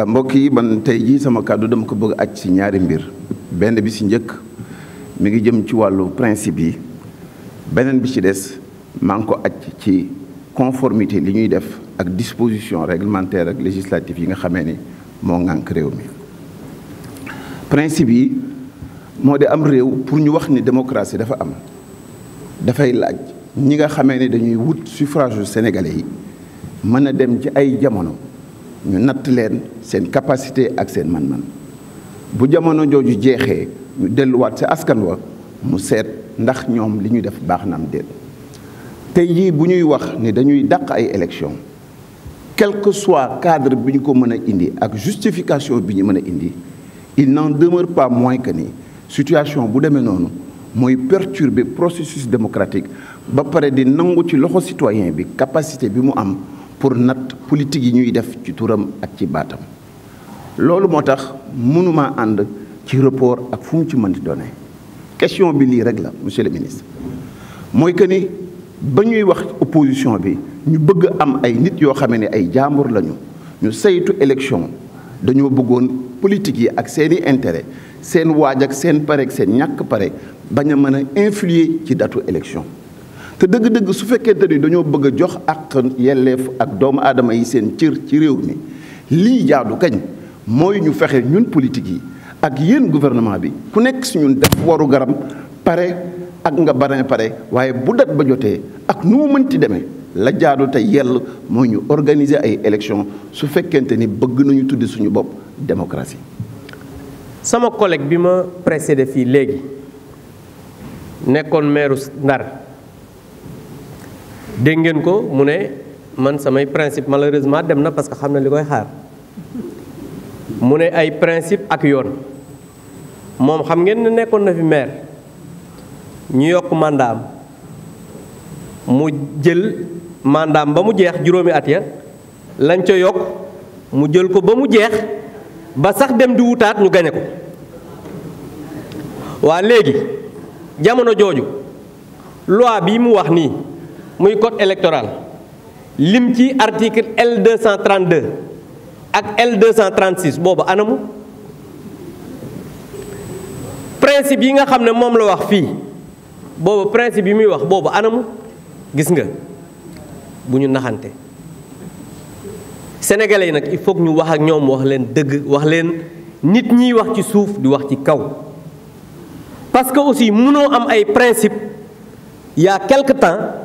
Ah, mbokk yi man tey jii sama kàddu dama ko bëgg aj ci ñaari mbir benn bi ci njëkk mi ngi jëm ci wàllu principe yi beneen bi ci des man ngi ko aj ci conformité li ñuy def ak disposition réglementaire ak législative yi nga xamee ni moo ŋànk réew mi principe yi moo di am réew pour ñu wax ni démocratie dafa am dafay laaj ñi nga xamee ni dañuy wut suffrage yu yi mën a dem ci ay jamono ñu natt leen seen capacité ak seen man-man bu jamono jooju jeexee ñu delluwaat ci askan wa mu seet ndax ñoom li ñu def baax na am déet tey jii bu ñuy wax ni dañuy dàq ay élection quel que soit cadre bi ñu ko mën a indi ak justification bi ñu mën a indi il n'en demeure pas moins que ni situation bu demee noonu mooy perturber processus démocratique ba pare di nangu ci loxo citoyen bi capacité bi mu am pour nat politique yi ñuy def ci turam ak ci batam lolu motax tax mënuma and ci rapport ak fu mu ci mën di question bi li rek la monsieur le ministre moy que ni bañuy wax opposition bi ñu bëgg am ay nit yo xamé ni ay jaambur lañu ñu saytu élection dañu bëggoon politique yi ak seeni intérêt seen waaj ak seen paré ak seen ñak paré baña mëna influer ci datu élection te dëgg-dëgg su fekkente ni dañoo bëgg a jox ak yelleef ak doomu aadama yi seen cër ci réew mi lii jaadu kañ mooy ñu fexe ñun politique yi ak yéen gouvernement bi ku nekk si ñun def waru garam pare ak nga bare pare waaye bu dat ba jotee ak nu mu mënti demee la jaadu te yell mooy ñu organiser ay élections su fekkente ni bëgg nañu tudd suñu bopp démocratie. sama collègue bi ma précédé fii léegi nekkoon meeru Ndar. dengen ko mune man samay principe malheureusement dem na parce que xamna likoy xaar mune ay principe ak yoon mom xam ngeen ne nekkon na fi maire ñu yok mandam mu jël mandam ba mu jeex at ya lañ ca yok mu jël ko ba mu jeex ba sax dem di wutaat ñu gañe ko wa légui jamono joju loi bi mu wax ni muy code électoral lim ci article L 232 ak L 236 bobu anamu principe yi nga xamne mom la wax fi bobu principe bi muy wax bobu anamu gis nga buñu ñu naxante sénégalais nak il faut ñu wax ak ñom wax leen deug wax leen nit ñi wax ci souf di wax ci kaw parce que aussi mëno am ay principe il y a quelque temps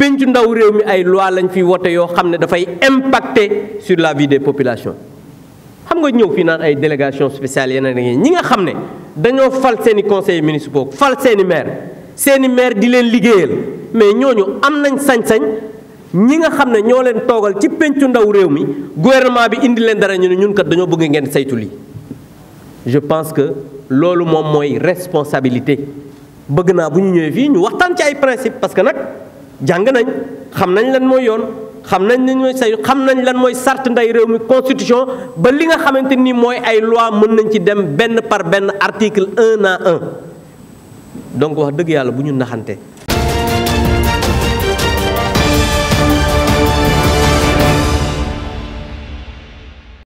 pencu ndaw réew mi ay loi lañ fi woté yo xamné da fay impacter sur la vie des populations xam nga ñew fi naan ay délégation spéciale yeneen da ñi nga xamné dañoo fal seeni conseil municipaux fal seeni maire seeni maire di leen liggéeyal mais ñoñu am nañ sañ-sañ ñi nga xamné ne ñoo leen togal ci pencu ndaw réew mi gouvernement bi indi leen dara ñu ñun kat dañoo bëgg ngeen saytu lii je pense que lolu mom moy responsabilité bëgg na bu ñu ñëwee fi ñu waxtaan ci ay principes parce que nak jàng nañ xam nañ lan mooy yoon xam nañ lan mooy xam nañ lan mooy sart nday réew mi constitution ba li nga xamante ni mooy ay loi mën nañ ci dem benn par benn article un à un donc wax dëgg yàlla bu ñu naxante